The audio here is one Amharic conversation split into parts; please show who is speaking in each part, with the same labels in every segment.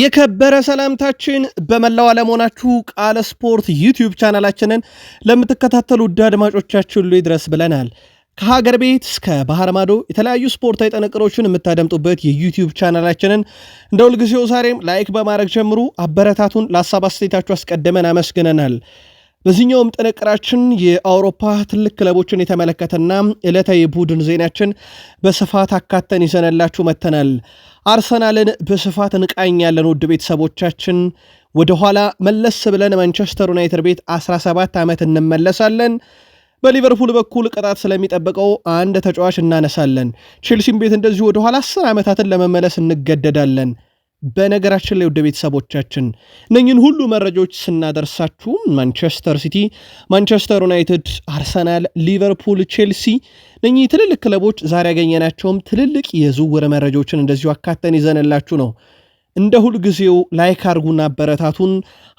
Speaker 1: የከበረ ሰላምታችን በመላው ዓለም ሆናችሁ ቃለ ስፖርት ዩቲዩብ ቻናላችንን ለምትከታተሉ ውድ አድማጮቻችን ሁሉ ይድረስ ብለናል። ከሀገር ቤት እስከ ባህር ማዶ የተለያዩ ስፖርታዊ ጥንቅሮችን የምታደምጡበት የዩቲዩብ ቻናላችንን እንደ ሁልጊዜው ዛሬም ላይክ በማድረግ ጀምሩ። አበረታቱን። ለሀሳብ አስተያየታችሁ አስቀድመን አመስግነናል። በዚህኛውም ጥንቅራችን የአውሮፓ ትልቅ ክለቦችን የተመለከተና ዕለታዊ ቡድን ዜናችን በስፋት አካተን ይዘነላችሁ መጥተናል። አርሰናልን በስፋት እንቃኛለን። ውድ ቤተሰቦቻችን ወደኋላ መለስ ብለን ማንቸስተር ዩናይትድ ቤት 17 ዓመት እንመለሳለን። በሊቨርፑል በኩል ቅጣት ስለሚጠበቀው አንድ ተጫዋች እናነሳለን። ቼልሲም ቤት እንደዚሁ ወደኋላ 10 ዓመታትን ለመመለስ እንገደዳለን። በነገራችን ላይ ወደ ቤተሰቦቻችን እነኝን ሁሉ መረጃዎች ስናደርሳችሁ ማንቸስተር ሲቲ፣ ማንቸስተር ዩናይትድ፣ አርሰናል፣ ሊቨርፑል፣ ቼልሲ እነኚህ ትልልቅ ክለቦች ዛሬ ያገኘናቸውም ትልልቅ የዝውውር መረጃዎችን እንደዚሁ አካተን ይዘንላችሁ ነው። እንደ ሁልጊዜው ላይክ አርጉና አበረታቱን።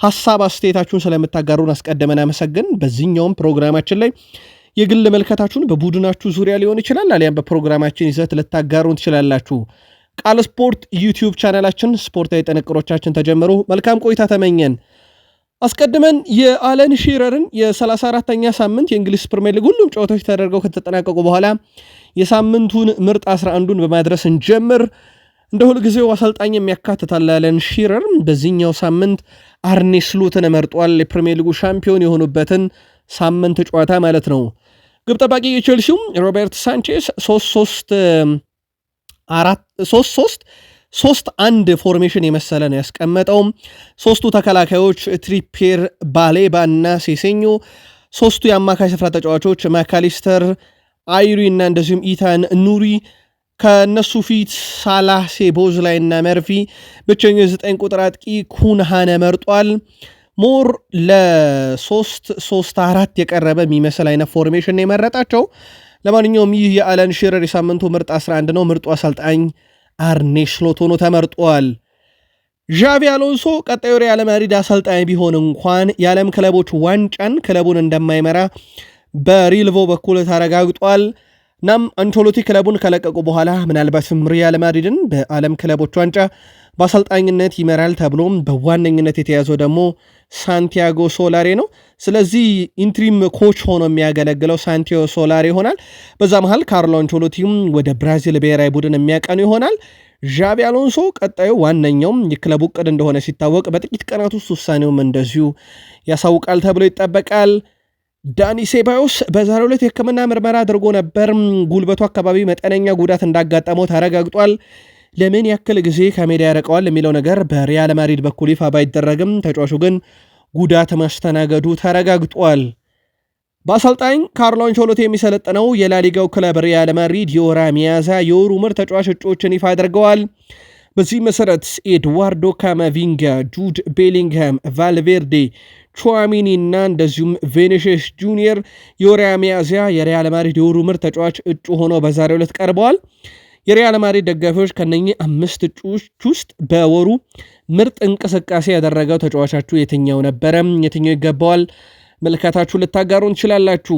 Speaker 1: ሀሳብ አስተያየታችሁን ስለምታጋሩን አስቀድመን አመሰግን። በዚህኛውም ፕሮግራማችን ላይ የግል መልከታችሁን በቡድናችሁ ዙሪያ ሊሆን ይችላል፣ አሊያም በፕሮግራማችን ይዘት ልታጋሩን ትችላላችሁ። ቃል ስፖርት ዩቲዩብ ቻናላችን ስፖርታዊ ጥንቅሮቻችን ተጀምሮ መልካም ቆይታ ተመኘን። አስቀድመን የአለን ሺረርን የ 34 ተኛ ሳምንት የእንግሊዝ ፕሪምየር ሊግ ሁሉም ጨዋታዎች ተደርገው ከተጠናቀቁ በኋላ የሳምንቱን ምርጥ 11ን በማድረስ እንጀምር። እንደ ሁልጊዜው አሰልጣኝ የሚያካትታል አለን ሺረር በዚህኛው ሳምንት አርኔ ስሎትን መርጧል። የፕሪምየር ሊጉ ሻምፒዮን የሆኑበትን ሳምንት ጨዋታ ማለት ነው። ግብ ጠባቂ የቼልሲውም ሮበርት ሳንቼስ 3 3 አራት ሶስት ሶስት አንድ ፎርሜሽን የመሰለ ነው ያስቀመጠውም። ሶስቱ ተከላካዮች ትሪፔር፣ ባሌባ እና ሴሴኞ፣ ሶስቱ የአማካይ ስፍራ ተጫዋቾች ማካሊስተር፣ አይሪ እና እንደዚሁም ኢታን ኑሪ ከእነሱ ፊት ሳላሴ ቦዝ ላይ እና መርፊ ብቸኛው የዘጠኝ ቁጥር አጥቂ ኩንሃነ መርጧል። ሞር ለሶስት ሶስት አራት የቀረበ የሚመስል አይነት ፎርሜሽን የመረጣቸው ለማንኛውም ይህ የአለን ሽረር የሳምንቱ ምርጥ 11 ነው። ምርጡ አሰልጣኝ አርኔ ስሎት ሆኖ ተመርጧል። ዣቪ አሎንሶ ቀጣዩ ሪያል ማድሪድ አሰልጣኝ ቢሆን እንኳን የዓለም ክለቦች ዋንጫን ክለቡን እንደማይመራ በሪልቮ በኩል ተረጋግጧል። እናም አንቾሎቲ ክለቡን ከለቀቁ በኋላ ምናልባትም ሪያል ማድሪድን በዓለም ክለቦች ዋንጫ በአሰልጣኝነት ይመራል ተብሎም በዋነኝነት የተያዘው ደግሞ ሳንቲያጎ ሶላሬ ነው። ስለዚህ ኢንትሪም ኮች ሆኖ የሚያገለግለው ሳንቲያጎ ሶላሬ ይሆናል። በዛ መሃል ካርሎ አንቸሎቲም ወደ ብራዚል ብሔራዊ ቡድን የሚያቀኑ ይሆናል። ዣቢ አሎንሶ ቀጣዩ ዋነኛውም የክለቡ ዕቅድ እንደሆነ ሲታወቅ በጥቂት ቀናት ውስጥ ውሳኔውም እንደዚሁ ያሳውቃል ተብሎ ይጠበቃል። ዳኒ ሴባዮስ በዛሬው ዕለት የሕክምና ምርመራ አድርጎ ነበር። ጉልበቱ አካባቢ መጠነኛ ጉዳት እንዳጋጠመው ተረጋግጧል። ለምን ያክል ጊዜ ከሜዳ ያረቀዋል የሚለው ነገር በሪያል ማድሪድ በኩል ይፋ ባይደረግም ተጫዋቹ ግን ጉዳት ማስተናገዱ ተረጋግጧል። በአሰልጣኝ ካርሎ አንቸሎቲ የሚሰለጥነው የላሊጋው ክለብ ሪያል ማድሪድ የወራ ሚያዝያ የወሩ ምርጥ ተጫዋች እጩዎችን ይፋ አድርገዋል። በዚህ መሰረት ኤድዋርዶ ካማቪንጋ፣ ጁድ ቤሊንግሃም፣ ቫልቬርዴ፣ ቹዋሚኒ እና እንደዚሁም ቬኔሽስ ጁኒየር የወራ ሚያዝያ የሪያል ማድሪድ የወሩ ምርጥ ተጫዋች እጩ ሆነው በዛሬው ዕለት ቀርበዋል። የሪያል ማድሪድ ደጋፊዎች ከነኚህ አምስት እጩዎች ውስጥ በወሩ ምርጥ እንቅስቃሴ ያደረገው ተጫዋቻችሁ የትኛው ነበረ? የትኛው ይገባዋል? ምልከታችሁ ልታጋሩን እንችላላችሁ።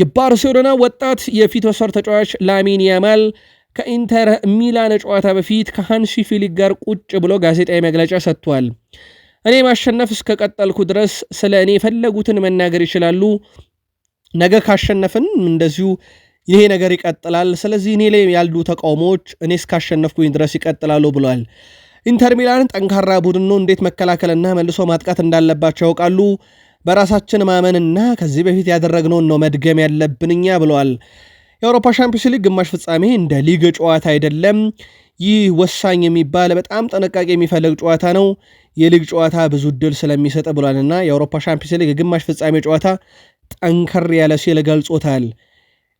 Speaker 1: የባርሴሎና ወጣት የፊት መስመር ተጫዋች ላሚን ያማል ከኢንተር ሚላን ጨዋታ በፊት ከሃንሲ ፊሊክ ጋር ቁጭ ብሎ ጋዜጣዊ መግለጫ ሰጥቷል። እኔ ማሸነፍ እስከቀጠልኩ ድረስ ስለ እኔ የፈለጉትን መናገር ይችላሉ። ነገ ካሸነፍን እንደዚሁ ይሄ ነገር ይቀጥላል። ስለዚህ እኔ ላይ ያሉ ተቃውሞዎች እኔ እስካሸነፍኩኝ ድረስ ይቀጥላሉ ብሏል። ኢንተር ሚላን ጠንካራ ቡድን ነው። እንዴት መከላከልና መልሶ ማጥቃት እንዳለባቸው ያውቃሉ። በራሳችን ማመንና ከዚህ በፊት ያደረግነውን ነው መድገም ያለብንኛ ብለዋል። የአውሮፓ ሻምፒዮንስ ሊግ ግማሽ ፍጻሜ እንደ ሊግ ጨዋታ አይደለም። ይህ ወሳኝ የሚባል በጣም ጥንቃቄ የሚፈልግ ጨዋታ ነው። የሊግ ጨዋታ ብዙ ድል ስለሚሰጥ ብሏልና የአውሮፓ ሻምፒዮንስ ሊግ ግማሽ ፍጻሜ ጨዋታ ጠንከር ያለ ሲል ገልጾታል።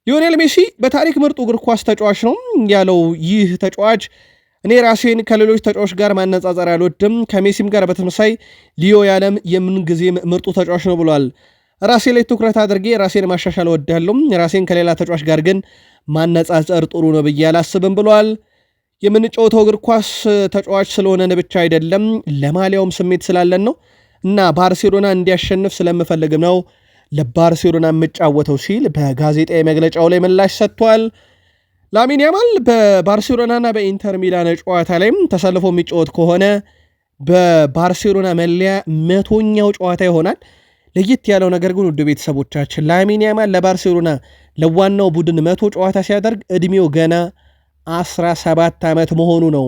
Speaker 1: ሊዮኔል ሜሲ በታሪክ ምርጡ እግር ኳስ ተጫዋች ነው ያለው ይህ ተጫዋች እኔ ራሴን ከሌሎች ተጫዋች ጋር ማነጻጸር አልወድም፣ ከሜሲም ጋር በተመሳይ ሊዮ የዓለም ጊዜም ምርጡ ተጫዋች ነው ብሏል። ራሴ ላይ ትኩረት አድርጌ ራሴን ማሻሻል እወዳለሁ፣ ራሴን ከሌላ ተጫዋች ጋር ግን ማነጻጸር ጥሩ ነው ብዬ አላስብም ብሏል። የምንጫወተው እግር ኳስ ተጫዋች ስለሆነን ብቻ አይደለም፣ ለማሊያውም ስሜት ስላለን ነው እና ባርሴሎና እንዲያሸንፍ ስለምፈልግም ነው ለባርሴሎና የምጫወተው ሲል በጋዜጣዊ መግለጫው ላይ ምላሽ ሰጥቷል። ላሚን ያማል በባርሴሎናና በኢንተር ሚላን ጨዋታ ላይም ተሰልፎ የሚጫወት ከሆነ በባርሴሎና መለያ መቶኛው ጨዋታ ይሆናል። ለየት ያለው ነገር ግን ውድ ቤተሰቦቻችን ላሚን ያማል ለባርሴሎና ለዋናው ቡድን መቶ ጨዋታ ሲያደርግ እድሜው ገና 17 ዓመት መሆኑ ነው።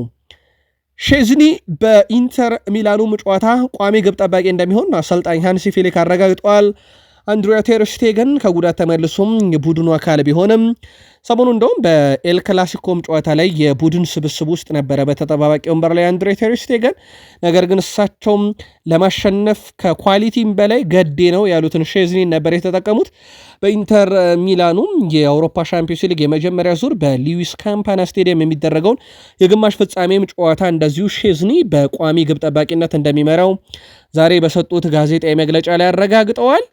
Speaker 1: ሼዝኒ በኢንተር ሚላኑም ጨዋታ ቋሚ ግብ ጠባቂ እንደሚሆን አሰልጣኝ ሃንሲ ፊሊክ አረጋግጧል። አንድሪያ ቴርሽቴገን ከጉዳት ተመልሶም የቡድኑ አካል ቢሆንም ሰሞኑ እንደውም በኤል ክላሲኮም ጨዋታ ላይ የቡድን ስብስብ ውስጥ ነበረ በተጠባባቂ ወንበር ላይ አንድሬ ቴርሽቴገን። ነገር ግን እሳቸውም ለማሸነፍ ከኳሊቲም በላይ ገዴ ነው ያሉትን ሼዝኒን ነበር የተጠቀሙት። በኢንተር ሚላኑም የአውሮፓ ሻምፒዮንስ ሊግ የመጀመሪያ ዙር በሊዊስ ካምፓና ስቴዲየም የሚደረገውን የግማሽ ፍጻሜም ጨዋታ እንደዚሁ ሼዝኒ በቋሚ ግብ ጠባቂነት እንደሚመራው ዛሬ በሰጡት ጋዜጣዊ መግለጫ ላይ አረጋግጠዋል።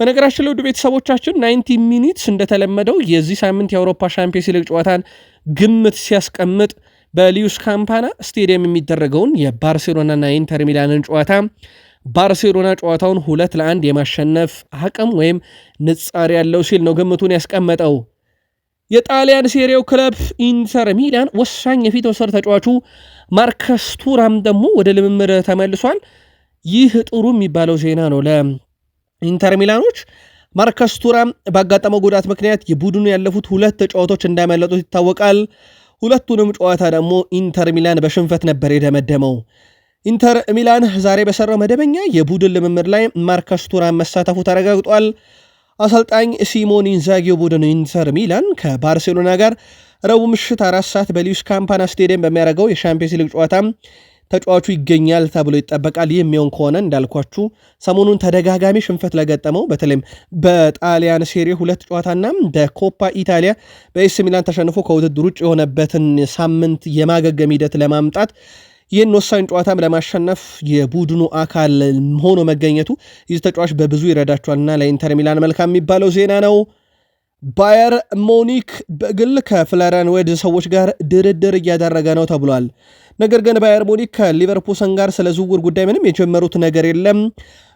Speaker 1: በነገራችን ላይ ቤተሰቦቻችን ናይንቲ ሚኒትስ እንደተለመደው የዚህ ሳምንት የአውሮፓ ሻምፒየንስ ሊግ ጨዋታን ግምት ሲያስቀምጥ በሊዩስ ካምፓና ስቴዲየም የሚደረገውን የባርሴሎናና ኢንተር ሚላንን ጨዋታ ባርሴሎና ጨዋታውን ሁለት ለአንድ የማሸነፍ አቅም ወይም ንጻሪ ያለው ሲል ነው ግምቱን ያስቀመጠው። የጣሊያን ሴሪው ክለብ ኢንተር ሚላን ወሳኝ የፊት ወሰር ተጫዋቹ ማርከስ ቱራም ደግሞ ወደ ልምምድ ተመልሷል። ይህ ጥሩ የሚባለው ዜና ነው ለ ኢንተር ሚላኖች ማርከስ ቱራም ባጋጠመው ጉዳት ምክንያት የቡድኑ ያለፉት ሁለት ጨዋታዎች እንዳመለጡት ይታወቃል። ሁለቱንም ጨዋታ ደግሞ ኢንተር ሚላን በሽንፈት ነበር የደመደመው። ኢንተር ሚላን ዛሬ በሰራው መደበኛ የቡድን ልምምድ ላይ ማርከስ ቱራም መሳተፉ ተረጋግጧል። አሰልጣኝ ሲሞን ኢንዛጊዮ ቡድን ኢንተር ሚላን ከባርሴሎና ጋር ረቡዕ ምሽት አራት ሰዓት በሊዩስ ካምፓና ስቴዲየም በሚያደርገው የሻምፒየንስ ሊግ ጨዋታ ተጫዋቹ ይገኛል ተብሎ ይጠበቃል። ይህ የሚሆን ከሆነ እንዳልኳችሁ ሰሞኑን ተደጋጋሚ ሽንፈት ለገጠመው በተለይም በጣሊያን ሴሪ ሁለት ጨዋታና በኮፓ ኢታሊያ በኤስ ሚላን ተሸንፎ ከውድድር ውጭ የሆነበትን ሳምንት የማገገም ሂደት ለማምጣት ይህን ወሳኝ ጨዋታም ለማሸነፍ የቡድኑ አካል ሆኖ መገኘቱ ይህ ተጫዋች በብዙ ይረዳቸዋልና ለኢንተር ሚላን መልካም የሚባለው ዜና ነው። ባየር ሞኒክ በግል ከፍለረን ወድ ሰዎች ጋር ድርድር እያደረገ ነው ተብሏል። ነገር ግን ባየር ሙኒክ ከሊቨርፑልን ጋር ስለ ዝውውር ጉዳይ ምንም የጀመሩት ነገር የለም።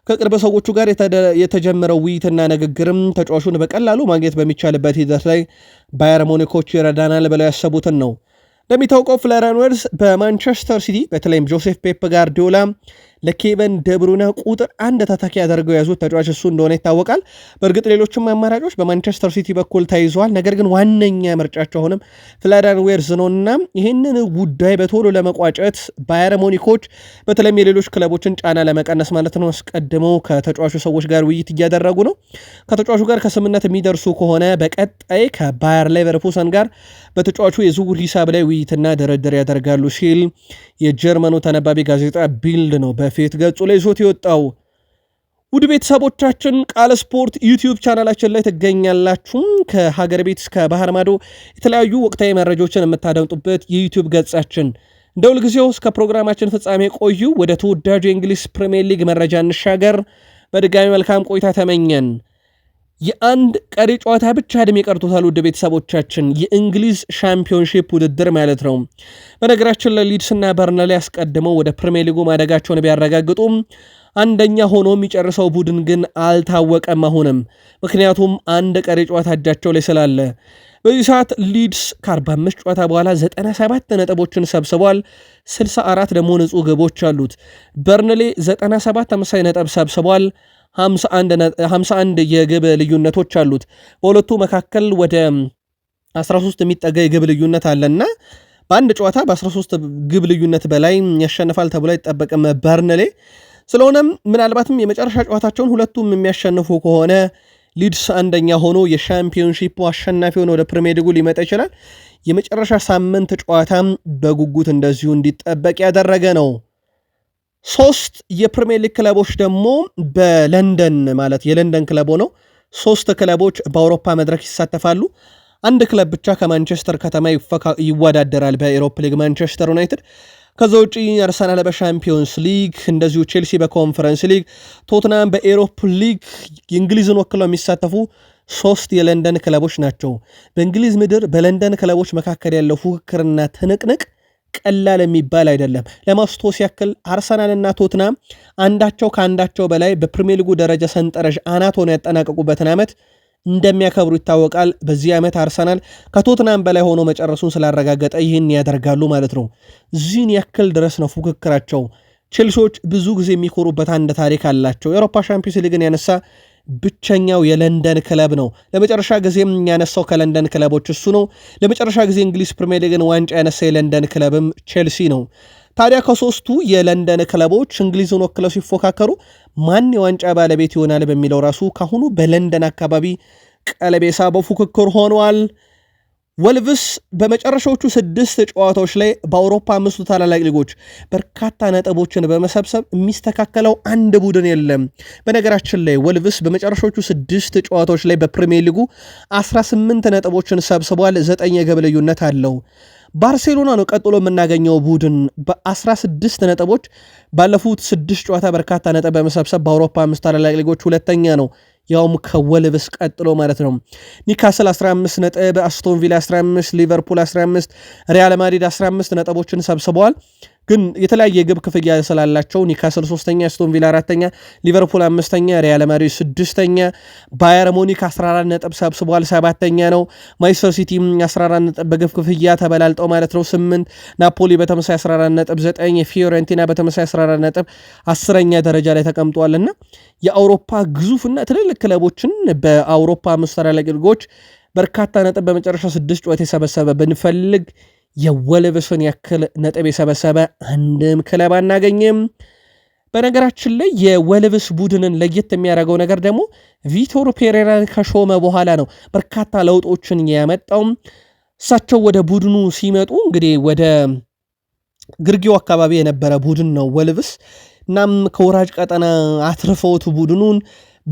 Speaker 1: ከቅርብ ሰዎቹ ጋር የተጀመረው ውይይትና ንግግርም ተጫዋቹን በቀላሉ ማግኘት በሚቻልበት ሂደት ላይ ባየር ሙኒኮች ይረዳናል ብለው ያሰቡትን ነው። እንደሚታወቀው ፍሎሪያን በማንቸስተር ሲቲ በተለይም ጆሴፍ ፔፕ ጋርዲዮላ ለኬቨን ደብሩነ ቁጥር አንድ ተተኪ አደርገው የያዙት ተጫዋች እሱ እንደሆነ ይታወቃል። በእርግጥ ሌሎችም አማራጮች በማንቸስተር ሲቲ በኩል ተይዘዋል። ነገር ግን ዋነኛ ምርጫቸው አሁንም ፍላዳን ዌርዝ ነው እና ይህንን ጉዳይ በቶሎ ለመቋጨት ባየር ሞኒኮች በተለይም የሌሎች ክለቦችን ጫና ለመቀነስ ማለት ነው አስቀድመው ከተጫዋቹ ሰዎች ጋር ውይይት እያደረጉ ነው። ከተጫዋቹ ጋር ከስምነት የሚደርሱ ከሆነ በቀጣይ ከባየር ሌቨርኩሰን ጋር በተጫዋቹ የዝውውር ሂሳብ ላይ ውይይትና ድርድር ያደርጋሉ ሲል የጀርመኑ ተነባቢ ጋዜጣ ቢልድ ነው በፌት ገጹ ላይ ይዞት የወጣው። ውድ ቤተሰቦቻችን ቃል ስፖርት ዩቲዩብ ቻናላችን ላይ ትገኛላችሁ። ከሀገር ቤት እስከ ባህር ማዶ የተለያዩ ወቅታዊ መረጃዎችን የምታደምጡበት የዩቲዩብ ገጻችን እንደ ሁልጊዜው እስከ ፕሮግራማችን ፍጻሜ ቆዩ። ወደ ተወዳጁ የእንግሊዝ ፕሪምየር ሊግ መረጃ እንሻገር። በድጋሚ መልካም ቆይታ ተመኘን። የአንድ ቀሪ ጨዋታ ብቻ ዕድሜ ቀርቶታል። ውድ ቤተሰቦቻችን የእንግሊዝ ሻምፒዮንሺፕ ውድድር ማለት ነው። በነገራችን ላይ ሊድስና በርንሌ አስቀድመው ወደ ፕሪሚየር ሊጉ ማደጋቸውን ቢያረጋግጡም አንደኛ ሆኖ የሚጨርሰው ቡድን ግን አልታወቀም። አሁንም ምክንያቱም አንድ ቀሪ ጨዋታ እጃቸው ላይ ስላለ በዚህ ሰዓት ሊድስ ከ45 ጨዋታ በኋላ 97 ነጥቦችን ሰብስቧል። 64 ደግሞ ንጹህ ግቦች አሉት። በርንሌ 97 ተመሳሳይ ነጥብ ሰብስቧል። 51 የግብ ልዩነቶች አሉት። በሁለቱ መካከል ወደ 13 የሚጠጋ የግብ ልዩነት አለና በአንድ ጨዋታ በ13 ግብ ልዩነት በላይ ያሸንፋል ተብሎ አይጠበቅም በርንሌ። ስለሆነም ምናልባትም የመጨረሻ ጨዋታቸውን ሁለቱም የሚያሸንፉ ከሆነ ሊድስ አንደኛ ሆኖ የሻምፒዮንሺፑ አሸናፊ ሆኖ ወደ ፕሪሚየር ሊጉ ሊመጣ ይችላል። የመጨረሻ ሳምንት ጨዋታም በጉጉት እንደዚሁ እንዲጠበቅ ያደረገ ነው። ሶስት የፕሪሚየር ሊግ ክለቦች ደግሞ በለንደን ማለት የለንደን ክለብ ሆነው ሶስት ክለቦች በአውሮፓ መድረክ ይሳተፋሉ። አንድ ክለብ ብቻ ከማንቸስተር ከተማ ይወዳደራል በኤሮፕ ሊግ ማንቸስተር ዩናይትድ። ከዛ ውጪ አርሰናል በሻምፒዮንስ ሊግ፣ እንደዚሁ ቼልሲ በኮንፈረንስ ሊግ፣ ቶትናም በኤሮፕ ሊግ እንግሊዝን ወክለው የሚሳተፉ ሶስት የለንደን ክለቦች ናቸው። በእንግሊዝ ምድር በለንደን ክለቦች መካከል ያለው ፉክክርና ትንቅንቅ ቀላል የሚባል አይደለም። ለማስታወስ ያክል አርሰናልና ቶትናም አንዳቸው ከአንዳቸው በላይ በፕሪሚየር ሊጉ ደረጃ ሰንጠረዥ አናት ሆነው ያጠናቀቁበትን ዓመት እንደሚያከብሩ ይታወቃል። በዚህ ዓመት አርሰናል ከቶትናም በላይ ሆኖ መጨረሱን ስላረጋገጠ ይህን ያደርጋሉ ማለት ነው። እዚህን ያክል ድረስ ነው ፉክክራቸው። ቼልሲዎች ብዙ ጊዜ የሚኮሩበት አንድ ታሪክ አላቸው። የአውሮፓ ሻምፒዮንስ ሊግን ያነሳ ብቸኛው የለንደን ክለብ ነው። ለመጨረሻ ጊዜም ያነሳው ከለንደን ክለቦች እሱ ነው። ለመጨረሻ ጊዜ እንግሊዝ ፕሪምየር ሊግን ዋንጫ ያነሳ የለንደን ክለብም ቼልሲ ነው። ታዲያ ከሶስቱ የለንደን ክለቦች እንግሊዝን ወክለው ሲፎካከሩ ማን የዋንጫ ባለቤት ይሆናል በሚለው ራሱ ካሁኑ በለንደን አካባቢ ቀለቤሳ በፉክክር ሆኗል። ወልቭስ በመጨረሻዎቹ ስድስት ጨዋታዎች ላይ በአውሮፓ አምስቱ ታላላቅ ሊጎች በርካታ ነጥቦችን በመሰብሰብ የሚስተካከለው አንድ ቡድን የለም። በነገራችን ላይ ወልቭስ በመጨረሻዎቹ ስድስት ጨዋታዎች ላይ በፕሪሚየር ሊጉ 18 ነጥቦችን ሰብስቧል። ዘጠኝ የግብ ልዩነት አለው። ባርሴሎና ነው ቀጥሎ የምናገኘው ቡድን በ16 ነጥቦች ባለፉት ስድስት ጨዋታ በርካታ ነጥብ በመሰብሰብ በአውሮፓ አምስት ታላላቅ ሊጎች ሁለተኛ ነው። ያውም ከወልብስ ቀጥሎ ማለት ነው። ኒካስል 15 ነጥብ፣ አስቶንቪላ 15፣ ሊቨርፑል 15፣ ሪያል ማድሪድ 15 ነጥቦችን ሰብስበዋል። ግን የተለያየ የግብ ክፍያ ስላላቸው ኒካስል ሶስተኛ፣ ስቶን ቪላ አራተኛ፣ ሊቨርፑል አምስተኛ፣ ሪያል ማድሪድ ስድስተኛ፣ ባየር ሞኒክ 14 ነጥብ ሰብስቧል፣ ሰባተኛ ነው። ማስተር ሲቲ 14 ነጥብ በግብ ክፍያ ተበላልጠው ማለት ነው፣ ስምንት ናፖሊ በተመሳይ 14 ነጥብ ዘጠኝ፣ ፊዮረንቲና በተመሳይ 14 ነጥብ አስረኛ ደረጃ ላይ እና የአውሮፓ ግዙፍና ትልልቅ ክለቦችን በአውሮፓ አምስት ታላላቅ ሊጎች በርካታ ነጥብ በመጨረሻ ስድስት ጨዋታ የሰበሰበ ብንፈልግ የወልቭስን ያክል ነጥብ የሰበሰበ አንድም ክለብ አናገኝም። በነገራችን ላይ የወልቭስ ቡድንን ለየት የሚያደርገው ነገር ደግሞ ቪቶር ፔሬራን ከሾመ በኋላ ነው በርካታ ለውጦችን ያመጣውም። እሳቸው ወደ ቡድኑ ሲመጡ እንግዲህ ወደ ግርጌው አካባቢ የነበረ ቡድን ነው ወልቭስ። እናም ከወራጅ ቀጠና አትርፈውት ቡድኑን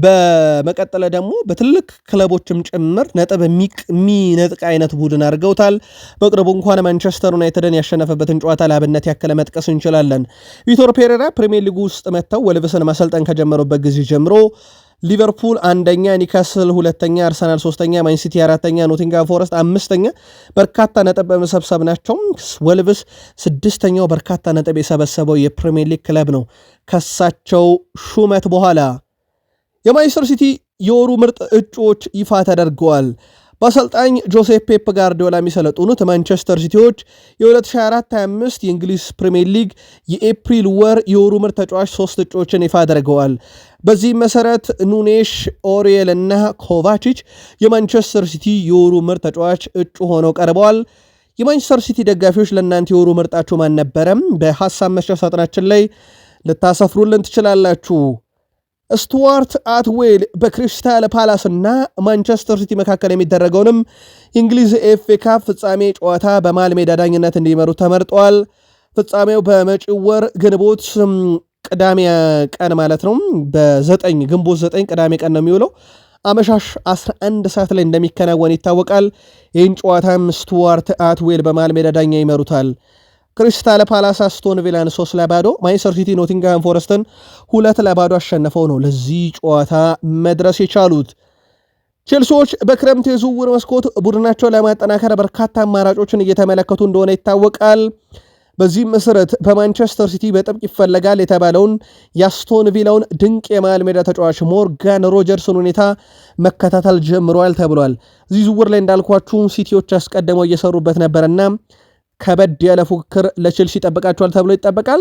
Speaker 1: በመቀጠለ ደግሞ በትልቅ ክለቦችም ጭምር ነጥብ የሚነጥቅ አይነት ቡድን አድርገውታል። በቅርቡ እንኳን ማንቸስተር ዩናይትድን ያሸነፈበትን ጨዋታ ለአብነት ያከለ መጥቀስ እንችላለን። ቪቶር ፔሬራ ፕሪሚየር ሊጉ ውስጥ መጥተው ወልቭስን ማሰልጠን ከጀመሩበት ጊዜ ጀምሮ ሊቨርፑል አንደኛ፣ ኒካስል ሁለተኛ፣ አርሰናል ሶስተኛ፣ ማንሲቲ አራተኛ፣ ኖቲንጋም ፎረስት አምስተኛ በርካታ ነጥብ በመሰብሰብ ናቸው። ወልቭስ ስድስተኛው በርካታ ነጥብ የሰበሰበው የፕሪሚየር ሊግ ክለብ ነው ከሳቸው ሹመት በኋላ የማንቸስተር ሲቲ የወሩ ምርጥ እጩዎች ይፋ ተደርገዋል። በአሰልጣኝ ጆሴፍ ፔፕ ጋርዲዮላ የሚሰለጡኑት ማንቸስተር ሲቲዎች የ2024/25 የእንግሊዝ ፕሪምየር ሊግ የኤፕሪል ወር የወሩ ምርጥ ተጫዋች ሶስት እጩዎችን ይፋ አድርገዋል። በዚህም መሰረት ኑኔሽ፣ ኦሪየል እና ኮቫችች የማንቸስተር ሲቲ የወሩ ምርጥ ተጫዋች እጩ ሆነው ቀርበዋል። የማንቸስተር ሲቲ ደጋፊዎች ለእናንተ የወሩ ምርጣችሁ ማን ነበረም? በሀሳብ መስጫ ሳጥናችን ላይ ልታሰፍሩልን ትችላላችሁ። ስቱዋርት አትዌል በክሪስታል ፓላስና ማንቸስተር ሲቲ መካከል የሚደረገውንም የእንግሊዝ ኤፍኤ ካፕ ፍጻሜ ጨዋታ ሜዳ ዳኝነት እንዲመሩ ተመርጧል። ፍጻሜው በመጪው ወር ግንቦት ቅዳሜ ቀን ማለት ነው በዘጠኝ ግንቦት ዘጠኝ ቅዳሜ ቀን ነው የሚውለው አመሻሽ 11 ሰዓት ላይ እንደሚከናወን ይታወቃል። ይህን ጨዋታም ስቱዋርት አትዌል ሜዳ ዳኛ ይመሩታል። ክሪስታል ፓላስ አስቶን ቪላን ሶስት ለባዶ ማንቸስተር ሲቲ ኖቲንግሃም ፎረስትን ሁለት ለባዶ አሸነፈው ነው ለዚህ ጨዋታ መድረስ የቻሉት። ቼልሲዎች በክረምት የዝውውር መስኮት ቡድናቸው ለማጠናከር በርካታ አማራጮችን እየተመለከቱ እንደሆነ ይታወቃል። በዚህም መሰረት በማንቸስተር ሲቲ በጥብቅ ይፈለጋል የተባለውን የአስቶን ቪላውን ድንቅ የመሃል ሜዳ ተጫዋች ሞርጋን ሮጀርስን ሁኔታ መከታተል ጀምረዋል ተብሏል። እዚህ ዝውውር ላይ እንዳልኳችሁ ሲቲዎች አስቀድመው እየሰሩበት ነበርና ከበድ ያለ ፉክክር ለቼልሲ ጠበቃቸዋል ተብሎ ይጠበቃል።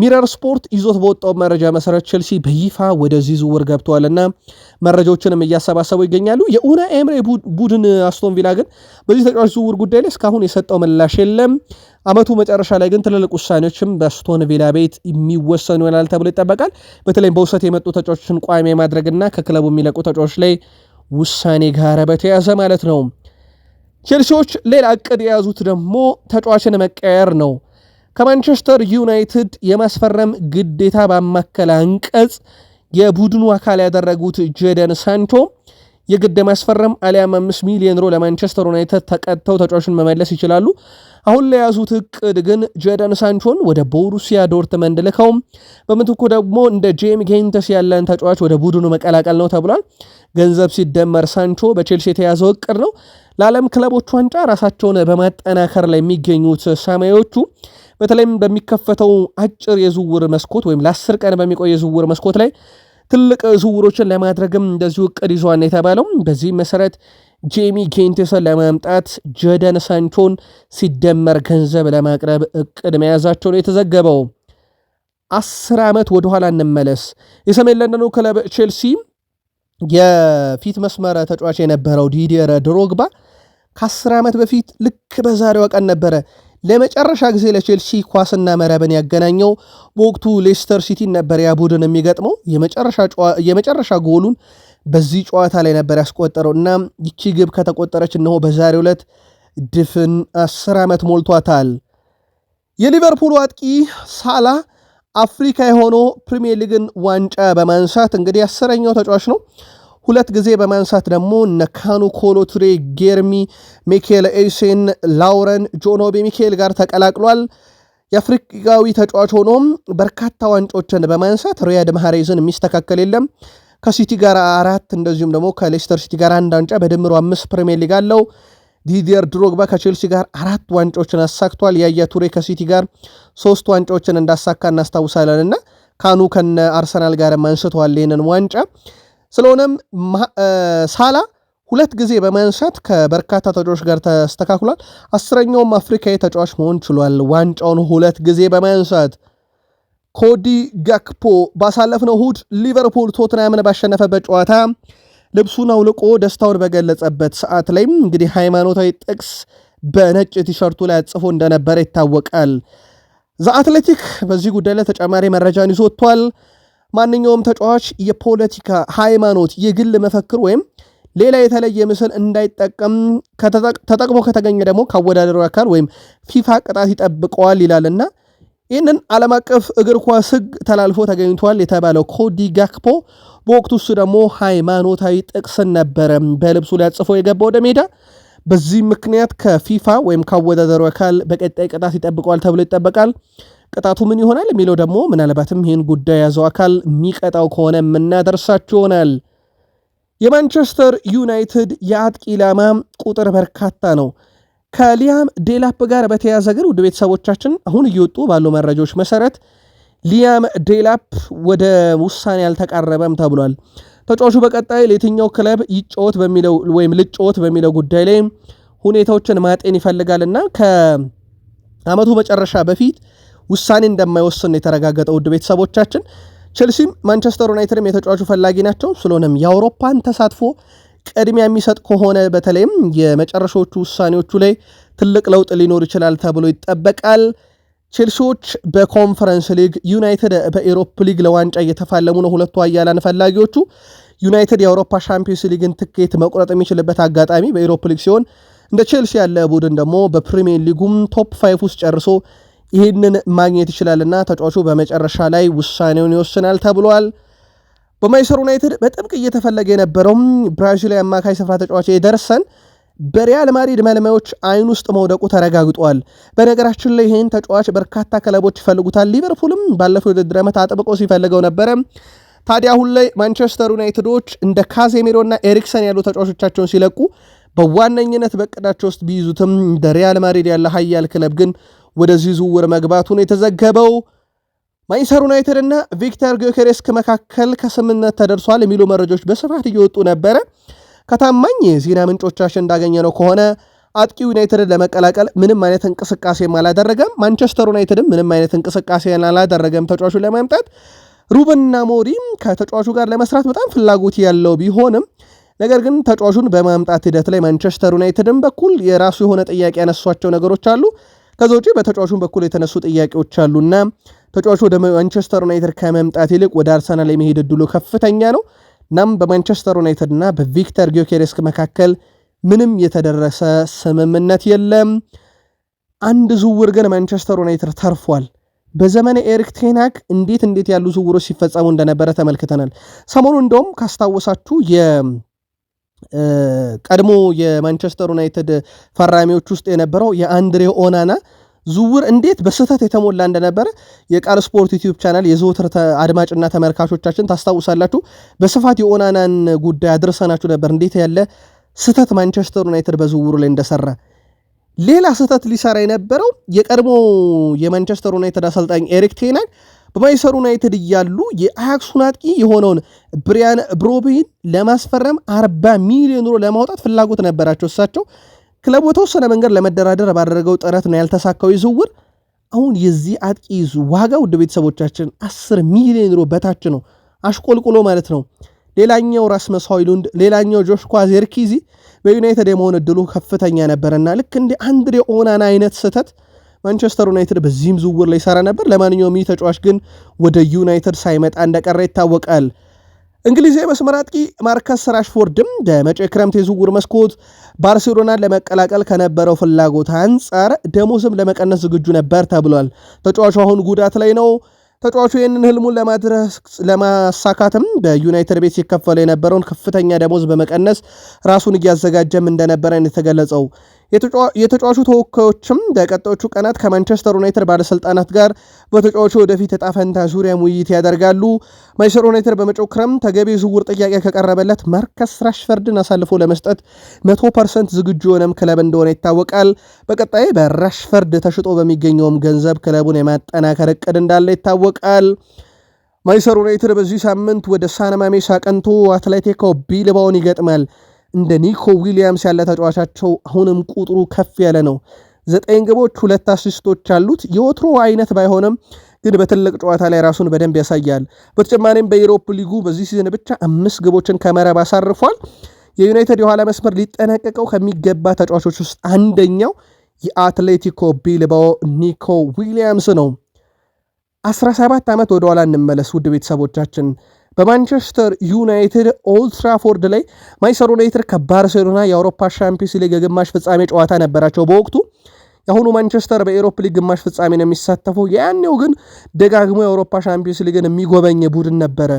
Speaker 1: ሚረር ስፖርት ይዞት በወጣው መረጃ መሰረት ቼልሲ በይፋ ወደዚህ ዝውውር ገብተዋልና መረጃዎችንም እያሰባሰቡ ይገኛሉ። የኡና ኤምሬ ቡድን አስቶን ቪላ ግን በዚህ ተጫዋች ዝውውር ጉዳይ ላይ እስካሁን የሰጠው ምላሽ የለም። አመቱ መጨረሻ ላይ ግን ትልልቅ ውሳኔዎችም በስቶን ቪላ ቤት የሚወሰኑ ይሆናል ተብሎ ይጠበቃል። በተለይም በውሰት የመጡ ተጫዋቾችን ቋሚ ማድረግና ከክለቡ የሚለቁ ተጫዋቾች ላይ ውሳኔ ጋር በተያዘ ማለት ነው። ቼልሲዎች ሌላ እቅድ የያዙት ደግሞ ተጫዋችን መቀየር ነው። ከማንቸስተር ዩናይትድ የማስፈረም ግዴታ ባማከለ አንቀጽ የቡድኑ አካል ያደረጉት ጄደን ሳንቾ የግድ ማስፈረም አሊያም አምስት ሚሊዮን ሮ ለማንቸስተር ዩናይትድ ተቀጥተው ተጫዋቹን መመለስ ይችላሉ። አሁን ለያዙት እቅድ ግን ጀደን ሳንቾን ወደ ቦሩሲያ ዶርትመንድ ልከው በምትኩ ደግሞ እንደ ጄም ጌንተስ ያለን ተጫዋች ወደ ቡድኑ መቀላቀል ነው ተብሏል። ገንዘብ ሲደመር ሳንቾ በቼልሲ የተያዘው እቅድ ነው። ለዓለም ክለቦች ዋንጫ ራሳቸውን በማጠናከር ላይ የሚገኙት ሰማዮቹ በተለይም በሚከፈተው አጭር የዝውውር መስኮት ወይም ለአስር ቀን በሚቆይ የዝውውር መስኮት ላይ ትልቅ ዝውውሮችን ለማድረግም እንደዚሁ እቅድ ይዟን የተባለው በዚህ መሰረት ጄሚ ጌንቴሰን ለማምጣት ጀደን ሳንቾን ሲደመር ገንዘብ ለማቅረብ እቅድ መያዛቸው ነው የተዘገበው። አስር ዓመት ወደኋላ እንመለስ። የሰሜን ለንደኑ ክለብ ቼልሲ የፊት መስመር ተጫዋች የነበረው ዲዲየር ድሮግባ ከአስር ዓመት በፊት ልክ በዛሬዋ ቀን ነበረ ለመጨረሻ ጊዜ ለቼልሲ ኳስና መረብን ያገናኘው በወቅቱ ሌስተር ሲቲን ነበር ያ ቡድን የሚገጥመው። የመጨረሻ ጎሉን በዚህ ጨዋታ ላይ ነበር ያስቆጠረው እና ይቺ ግብ ከተቆጠረች እነሆ በዛሬው ዕለት ድፍን አስር ዓመት ሞልቷታል። የሊቨርፑሉ አጥቂ ሳላ አፍሪካ የሆነው ፕሪሚየር ሊግን ዋንጫ በማንሳት እንግዲህ አስረኛው ተጫዋች ነው። ሁለት ጊዜ በማንሳት ደግሞ እነ ካኑ ኮሎቱሬ፣ ጌርሚ፣ ሚኬል ኤሴን፣ ላውረን ጆኖቤ ሚኬል ጋር ተቀላቅሏል። የአፍሪካዊ ተጫዋች ሆኖም በርካታ ዋንጮችን በማንሳት ሪያድ ማሃሬዝን የሚስተካከል የለም። ከሲቲ ጋር አራት እንደዚሁም ደግሞ ከሌስተር ሲቲ ጋር አንድ ዋንጫ በድምሩ አምስት ፕሪሚየር ሊግ አለው። ዲዲየር ድሮግባ ከቼልሲ ጋር አራት ዋንጫዎችን አሳክቷል። ያየ ቱሬ ከሲቲ ጋር ሶስት ዋንጫዎችን እንዳሳካ እናስታውሳለን እና ካኑ ከነ አርሰናል ጋር አንስተዋል ይህንን ዋንጫ ስለሆነም ሳላ ሁለት ጊዜ በመንሳት ከበርካታ ተጫዋች ጋር ተስተካክሏል። አስረኛውም አፍሪካዊ ተጫዋች መሆን ችሏል። ዋንጫውን ሁለት ጊዜ በመንሳት ኮዲ ጋክፖ ባሳለፍነው እሁድ ሊቨርፑል ቶትናምን ባሸነፈበት ጨዋታ ልብሱን አውልቆ ደስታውን በገለጸበት ሰዓት ላይም እንግዲህ ሃይማኖታዊ ጥቅስ በነጭ ቲሸርቱ ላይ አጽፎ እንደነበረ ይታወቃል። ዘአትሌቲክ በዚህ ጉዳይ ላይ ተጨማሪ መረጃን ይዞ ወጥቷል። ማንኛውም ተጫዋች የፖለቲካ፣ ሃይማኖት፣ የግል መፈክር ወይም ሌላ የተለየ ምስል እንዳይጠቀም ተጠቅሞ ከተገኘ ደግሞ ከአወዳደሩ አካል ወይም ፊፋ ቅጣት ይጠብቀዋል ይላልና ይህንን ዓለም አቀፍ እግር ኳስ ሕግ ተላልፎ ተገኝቷል የተባለው ኮዲ ጋክፖ በወቅቱ እሱ ደግሞ ሃይማኖታዊ ጥቅስን ነበረ በልብሱ ላይ ጽፎ የገባ ወደ ሜዳ። በዚህ ምክንያት ከፊፋ ወይም ከአወዳደሩ አካል በቀጣይ ቅጣት ይጠብቀዋል ተብሎ ይጠበቃል። ቅጣቱ ምን ይሆናል የሚለው ደግሞ ምናልባትም ይህን ጉዳይ የያዘው አካል የሚቀጣው ከሆነ የምናደርሳችሁ ይሆናል። የማንቸስተር ዩናይትድ የአጥቂ ኢላማ ቁጥር በርካታ ነው። ከሊያም ዴላፕ ጋር በተያዘ ግን ውድ ቤተሰቦቻችን አሁን እየወጡ ባሉ መረጃዎች መሰረት ሊያም ዴላፕ ወደ ውሳኔ አልተቃረበም ተብሏል። ተጫዋቹ በቀጣይ ለየትኛው ክለብ ይጫወት በሚለው ወይም ልጫወት በሚለው ጉዳይ ላይ ሁኔታዎችን ማጤን ይፈልጋልና ከዓመቱ መጨረሻ በፊት ውሳኔ እንደማይወስን የተረጋገጠ ውድ ቤተሰቦቻችን ቼልሲም ማንቸስተር ዩናይትድም የተጫዋቹ ፈላጊ ናቸው። ስለሆነም የአውሮፓን ተሳትፎ ቅድሚያ የሚሰጥ ከሆነ በተለይም የመጨረሻዎቹ ውሳኔዎቹ ላይ ትልቅ ለውጥ ሊኖር ይችላል ተብሎ ይጠበቃል። ቼልሲዎች በኮንፈረንስ ሊግ፣ ዩናይትድ በኤሮፕ ሊግ ለዋንጫ እየተፋለሙ ነው። ሁለቱ አያላን ፈላጊዎቹ ዩናይትድ የአውሮፓ ሻምፒዮንስ ሊግን ትኬት መቁረጥ የሚችልበት አጋጣሚ በኤሮፕ ሊግ ሲሆን እንደ ቼልሲ ያለ ቡድን ደግሞ በፕሪሚየር ሊጉም ቶፕ ፋይቭ ውስጥ ጨርሶ ይህንን ማግኘት ይችላልና ተጫዋቹ በመጨረሻ ላይ ውሳኔውን ይወስናል ተብሏል። በማንችስተር ዩናይትድ በጥብቅ እየተፈለገ የነበረውም ብራዚላዊ አማካይ ስፍራ ተጫዋች ኤደርሰን በሪያል ማድሪድ መልማዮች አይን ውስጥ መውደቁ ተረጋግጧል። በነገራችን ላይ ይህን ተጫዋች በርካታ ክለቦች ይፈልጉታል። ሊቨርፑልም ባለፈው የውድድር ዓመት አጥብቆ ሲፈልገው ነበረ። ታዲያ አሁን ላይ ማንቸስተር ዩናይትዶች እንደ ካዜሜሮና ኤሪክሰን ያሉ ተጫዋቾቻቸውን ሲለቁ በዋነኝነት በቅዳቸው ውስጥ ቢይዙትም እንደ ሪያል ማድሪድ ያለ ሀያል ክለብ ግን ወደዚህ ዝውውር መግባቱን የተዘገበው። ማንችስተር ዩናይትድ እና ቪክተር ጊዮኬሬስክ መካከል ከስምነት ተደርሷል የሚሉ መረጃዎች በስፋት እየወጡ ነበረ። ከታማኝ ዜና ምንጮቻችን እንዳገኘነው ከሆነ አጥቂ ዩናይትድን ለመቀላቀል ምንም አይነት እንቅስቃሴም አላደረገም። ማንቸስተር ዩናይትድም ምንም አይነት እንቅስቃሴ አላደረገም ተጫዋቹን ለማምጣት። ሩበን አሞሪም ከተጫዋቹ ጋር ለመስራት በጣም ፍላጎት ያለው ቢሆንም ነገር ግን ተጫዋቹን በማምጣት ሂደት ላይ ማንቸስተር ዩናይትድን በኩል የራሱ የሆነ ጥያቄ ያነሷቸው ነገሮች አሉ። ከዛ ውጪ በተጫዋቹን በኩል የተነሱ ጥያቄዎች አሉና ተጫዋቹ ወደ ማንቸስተር ዩናይትድ ከመምጣት ይልቅ ወደ አርሰናል የመሄድ እድሉ ከፍተኛ ነው። እናም በማንቸስተር ዩናይትድ እና በቪክተር ጊዮኬሬስክ መካከል ምንም የተደረሰ ስምምነት የለም። አንድ ዝውውር ግን ማንቸስተር ዩናይትድ ተርፏል። በዘመነ ኤሪክ ቴናክ እንዴት እንዴት ያሉ ዝውውሮች ሲፈጸሙ እንደነበረ ተመልክተናል። ሰሞኑ እንደውም ካስታወሳችሁ ቀድሞ የማንቸስተር ዩናይትድ ፈራሚዎች ውስጥ የነበረው የአንድሬ ኦናና ዝውውር እንዴት በስህተት የተሞላ እንደነበረ የቃል ስፖርት ዩቲዩብ ቻናል የዘወትር አድማጭና ተመልካቾቻችን ታስታውሳላችሁ። በስፋት የኦናናን ጉዳይ አድርሰናችሁ ነበር። እንዴት ያለ ስህተት ማንቸስተር ዩናይትድ በዝውውሩ ላይ እንደሰራ። ሌላ ስህተት ሊሰራ የነበረው የቀድሞ የማንቸስተር ዩናይትድ አሰልጣኝ ኤሪክ ቴናን በማይሰር ዩናይትድ እያሉ የአያክሱን አጥቂ የሆነውን ብሪያን ብሮቤን ለማስፈረም 40 ሚሊዮን ዩሮ ለማውጣት ፍላጎት ነበራቸው። እሳቸው ክለቡ በተወሰነ መንገድ ለመደራደር ባደረገው ጥረት ነው ያልተሳካው ዝውውር። አሁን የዚህ አጥቂ ዋጋ ውድ ቤተሰቦቻችን 10 ሚሊዮን ዩሮ በታች ነው፣ አሽቆልቁሎ ማለት ነው። ሌላኛው ራስመስ ሆይሉንድ፣ ሌላኛው ጆሽኳ ዜርኪዚ በዩናይትድ የመሆን እድሉ ከፍተኛ ነበረና ልክ እንደ አንድሬ ኦናና አይነት ስህተት ማንቸስተር ዩናይትድ በዚህም ዝውውር ላይ ይሰራ ነበር። ለማንኛውም ይህ ተጫዋች ግን ወደ ዩናይትድ ሳይመጣ እንደቀረ ይታወቃል። እንግሊዝ መስመር አጥቂ ማርከስ ራሽፎርድም በመጪው የክረምት የዝውውር መስኮት ባርሴሎናን ለመቀላቀል ከነበረው ፍላጎት አንጻር ደሞዝም ለመቀነስ ዝግጁ ነበር ተብሏል። ተጫዋቹ አሁን ጉዳት ላይ ነው። ተጫዋቹ ይህንን ህልሙን ለማድረስ ለማሳካትም በዩናይትድ ቤት ሲከፈለው የነበረውን ከፍተኛ ደሞዝ በመቀነስ ራሱን እያዘጋጀም እንደነበረ የተገለጸው የተጫዋቹ ተወካዮችም በቀጣዮቹ ቀናት ከማንቸስተር ዩናይትድ ባለስልጣናት ጋር በተጫዋቹ ወደፊት እጣ ፈንታ ዙሪያም ውይይት ያደርጋሉ። ማንቸስተር ዩናይትድ በመጪው ክረም ተገቢ ዝውውር ጥያቄ ከቀረበለት ማርከስ ራሽፈርድን አሳልፎ ለመስጠት መቶ ፐርሰንት ዝግጁ የሆነም ክለብ እንደሆነ ይታወቃል። በቀጣይ በራሽፈርድ ተሽጦ በሚገኘውም ገንዘብ ክለቡን የማጠናከር እቅድ እንዳለ ይታወቃል። ማንቸስተር ዩናይትድ በዚህ ሳምንት ወደ ሳን ማሜስ አቅንቶ አትሌቲኮ ቢልባውን ይገጥማል። እንደ ኒኮ ዊሊያምስ ያለ ተጫዋቻቸው አሁንም ቁጥሩ ከፍ ያለ ነው። ዘጠኝ ግቦች፣ ሁለት አሲስቶች አሉት። የወትሮ አይነት ባይሆንም ግን በትልቅ ጨዋታ ላይ ራሱን በደንብ ያሳያል። በተጨማሪም በዩሮፕ ሊጉ በዚህ ሲዝን ብቻ አምስት ግቦችን ከመረብ አሳርፏል። የዩናይትድ የኋላ መስመር ሊጠናቀቀው ከሚገባ ተጫዋቾች ውስጥ አንደኛው የአትሌቲኮ ቢልባኦ ኒኮ ዊሊያምስ ነው። 17 ዓመት ወደኋላ እንመለስ ውድ ቤተሰቦቻችን። በማንቸስተር ዩናይትድ ኦልትራፎርድ ላይ ማንቸስተር ዩናይትድ ከባርሴሎና የአውሮፓ ሻምፒዮንስ ሊግ የግማሽ ፍጻሜ ጨዋታ ነበራቸው በወቅቱ የአሁኑ ማንቸስተር በኤሮፕ ሊግ ግማሽ ፍጻሜ ነው የሚሳተፈው። ያኔው ግን ደጋግሞ የአውሮፓ ሻምፒዮንስ ሊግን የሚጎበኝ ቡድን ነበረ።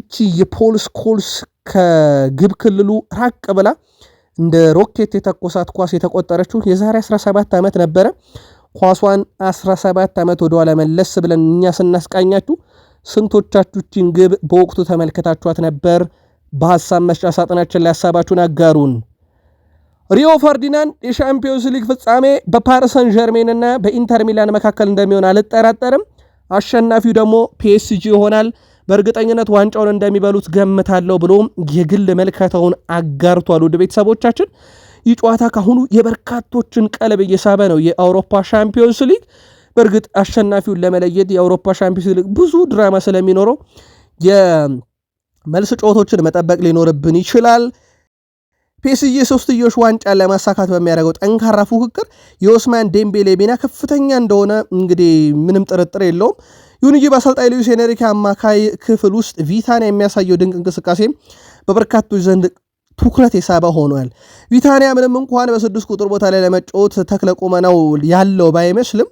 Speaker 1: እቺ የፖል ስኮልስ ከግብ ክልሉ ራቅ ብላ እንደ ሮኬት የተኮሳት ኳስ የተቆጠረችው የዛሬ 17 ዓመት ነበረ። ኳሷን 17 ዓመት ወደኋላ መለስ ብለን እኛ ስናስቃኛችሁ ስንቶቻችሁችን ግብ በወቅቱ ተመልከታችኋት ነበር? በሐሳብ መስጫ ሳጥናችን ላይ ሐሳባችሁን አጋሩን። ሪዮ ፈርዲናንድ የሻምፒዮንስ ሊግ ፍጻሜ በፓርሰን ሰን በኢንተር ሚላን መካከል እንደሚሆን አልጠራጠርም። አሸናፊው ደግሞ ፒኤስጂ ይሆናል። በእርግጠኝነት ዋንጫውን እንደሚበሉት ገምታለሁ ብሎ የግል መልከተውን አጋርቷል። ውድ ቤተሰቦቻችን ይህ ጨዋታ ካሁኑ የበርካቶችን ቀልብ እየሳበ ነው። የአውሮፓ ሻምፒዮንስ ሊግ በእርግጥ አሸናፊውን ለመለየት የአውሮፓ ሻምፒዮንስ ሊግ ብዙ ድራማ ስለሚኖረው የመልስ ጨዋታዎችን መጠበቅ ሊኖርብን ይችላል። ፒኤስጂ ሶስትዮሽ ዋንጫ ለማሳካት በሚያደርገው ጠንካራ ፉክክር የኦስማን ዴምቤሌ ሚና ከፍተኛ እንደሆነ እንግዲህ ምንም ጥርጥር የለውም። ይሁን እንጂ በአሰልጣኝ ሉዊስ ኤንሪኬ አማካይ ክፍል ውስጥ ቪታንያ የሚያሳየው ድንቅ እንቅስቃሴ በበርካቶች ዘንድ ትኩረት የሳበ ሆኗል። ቪታንያ ምንም እንኳን በስድስት ቁጥር ቦታ ላይ ለመጫወት ተክለ ቁመናው ያለው ባይመስልም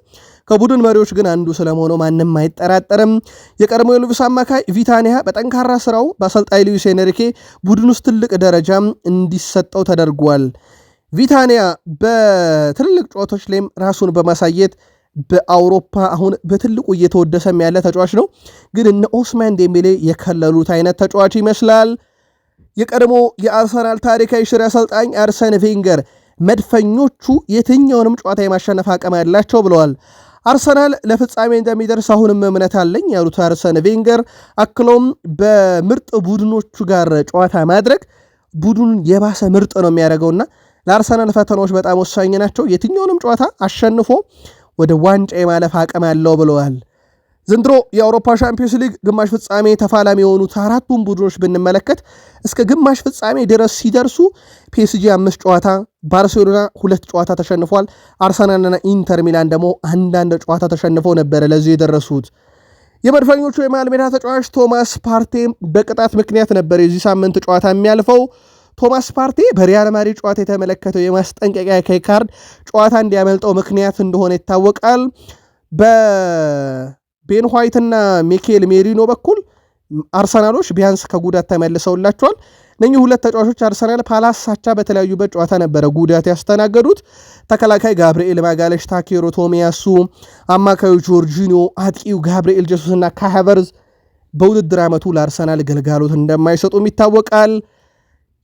Speaker 1: ከቡድን መሪዎች ግን አንዱ ስለመሆኑ ማንም አይጠራጠርም። የቀድሞ የሉቪስ አማካይ ቪታኒያ በጠንካራ ስራው በአሰልጣኝ ሉዊስ ኤንሪኬ ቡድን ውስጥ ትልቅ ደረጃም እንዲሰጠው ተደርጓል። ቪታኒያ በትልልቅ ጨዋታዎች ላይም ራሱን በማሳየት በአውሮፓ አሁን በትልቁ እየተወደሰም ያለ ተጫዋች ነው። ግን እነ ኦስማን ዴምቤሌ የከለሉት አይነት ተጫዋች ይመስላል። የቀድሞ የአርሰናል ታሪካዊ ሽር አሰልጣኝ አርሰን ቬንገር መድፈኞቹ የትኛውንም ጨዋታ የማሸነፍ አቅም ያላቸው ብለዋል። አርሰናል ለፍጻሜ እንደሚደርስ አሁንም እምነት አለኝ ያሉት አርሰን ቬንገር አክለውም በምርጥ ቡድኖቹ ጋር ጨዋታ ማድረግ ቡድኑን የባሰ ምርጥ ነው የሚያደርገውና ለአርሰናል ፈተናዎች በጣም ወሳኝ ናቸው። የትኛውንም ጨዋታ አሸንፎ ወደ ዋንጫ የማለፍ አቅም አለው ብለዋል። ዘንድሮ የአውሮፓ ሻምፒዮንስ ሊግ ግማሽ ፍጻሜ ተፋላሚ የሆኑት አራቱን ቡድኖች ብንመለከት እስከ ግማሽ ፍጻሜ ድረስ ሲደርሱ ፒኤስጂ አምስት ጨዋታ፣ ባርሴሎና ሁለት ጨዋታ ተሸንፏል። አርሰናልና ኢንተር ሚላን ደግሞ አንዳንድ ጨዋታ ተሸንፈው ነበረ ለዚህ የደረሱት። የመድፈኞቹ የመሃል ሜዳ ተጫዋች ቶማስ ፓርቴ በቅጣት ምክንያት ነበር የዚህ ሳምንት ጨዋታ የሚያልፈው። ቶማስ ፓርቴ በሪያል ማድሪድ ጨዋታ የተመለከተው የማስጠንቀቂያ ቀይ ካርድ ጨዋታ እንዲያመልጠው ምክንያት እንደሆነ ይታወቃል። ቤን ዋይትና ሚኬል ሜሪኖ በኩል አርሰናሎች ቢያንስ ከጉዳት ተመልሰውላቸዋል። እነኚህ ሁለት ተጫዋቾች አርሰናል ፓላሳቻ በተለያዩ በተለያዩበት ጨዋታ ነበረ ጉዳት ያስተናገዱት። ተከላካይ ጋብርኤል ማጋለሽ፣ ታኬሮ ቶሚያሱ፣ አማካዩ ጆርጂኖ፣ አጥቂው ጋብርኤል ጀሱስ እና ካሃቨርዝ በውድድር ዓመቱ ለአርሰናል ግልጋሎት እንደማይሰጡም ይታወቃል።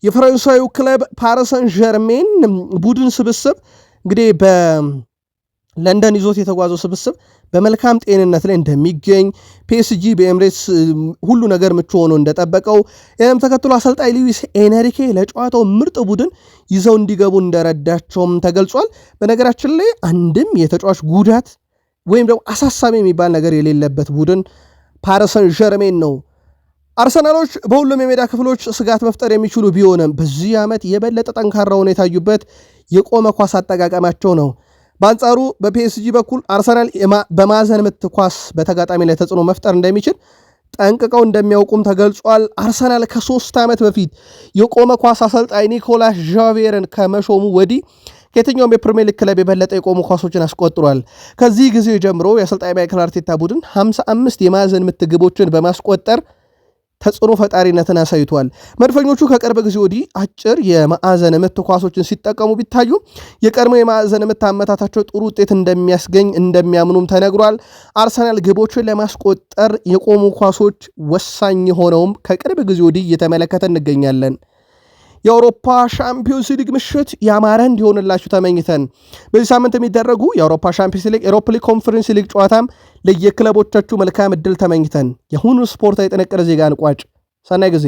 Speaker 1: የፈረንሳዩ ክለብ ፓሪሰን ጀርሜን ቡድን ስብስብ እንግዲህ በ ለንደን ይዞት የተጓዘው ስብስብ በመልካም ጤንነት ላይ እንደሚገኝ ፒኤስጂ በኤምሬትስ ሁሉ ነገር ምቹ ሆኖ እንደጠበቀው ይህም ተከትሎ አሰልጣኝ ሉዊስ ኤነሪኬ ለጨዋታው ምርጥ ቡድን ይዘው እንዲገቡ እንደረዳቸውም ተገልጿል። በነገራችን ላይ አንድም የተጫዋች ጉዳት ወይም ደግሞ አሳሳቢ የሚባል ነገር የሌለበት ቡድን ፓሪሰን ዠርሜን ነው። አርሰናሎች በሁሉም የሜዳ ክፍሎች ስጋት መፍጠር የሚችሉ ቢሆንም በዚህ ዓመት የበለጠ ጠንካራ ሆነው የታዩበት የቆመ ኳስ አጠቃቀማቸው ነው። በአንጻሩ በፒኤስጂ በኩል አርሰናል በማዕዘን ምት ኳስ በተጋጣሚ ላይ ተጽዕኖ መፍጠር እንደሚችል ጠንቅቀው እንደሚያውቁም ተገልጿል። አርሰናል ከሶስት ዓመት በፊት የቆመ ኳስ አሰልጣኝ ኒኮላስ ዣቬርን ከመሾሙ ወዲህ ከየትኛውም የፕሪሚየር ሊግ ክለብ የበለጠ የቆሙ ኳሶችን አስቆጥሯል። ከዚህ ጊዜ ጀምሮ የአሰልጣኝ ማይክል አርቴታ ቡድን 55 የማዕዘን ምት ግቦችን በማስቆጠር ተጽዕኖ ፈጣሪነትን አሳይቷል። መድፈኞቹ ከቅርብ ጊዜ ወዲህ አጭር የማዕዘን ምት ኳሶችን ሲጠቀሙ ቢታዩ የቀድሞ የማዕዘን ምት አመታታቸው ጥሩ ውጤት እንደሚያስገኝ እንደሚያምኑም ተነግሯል። አርሰናል ግቦችን ለማስቆጠር የቆሙ ኳሶች ወሳኝ ሆነውም ከቅርብ ጊዜ ወዲህ እየተመለከተ እንገኛለን። የአውሮፓ ሻምፒዮንስ ሊግ ምሽት ያማረ እንዲሆንላችሁ ተመኝተን በዚህ ሳምንት የሚደረጉ የአውሮፓ ሻምፒዮንስ ሊግ፣ ኤሮፕ ሊግ፣ ኮንፈረንስ ሊግ ጨዋታም ለየክለቦቻችሁ መልካም እድል ተመኝተን የሁኑ ስፖርታዊ ጥንቅር ዜጋ እንቋጭ። ሰናይ ጊዜ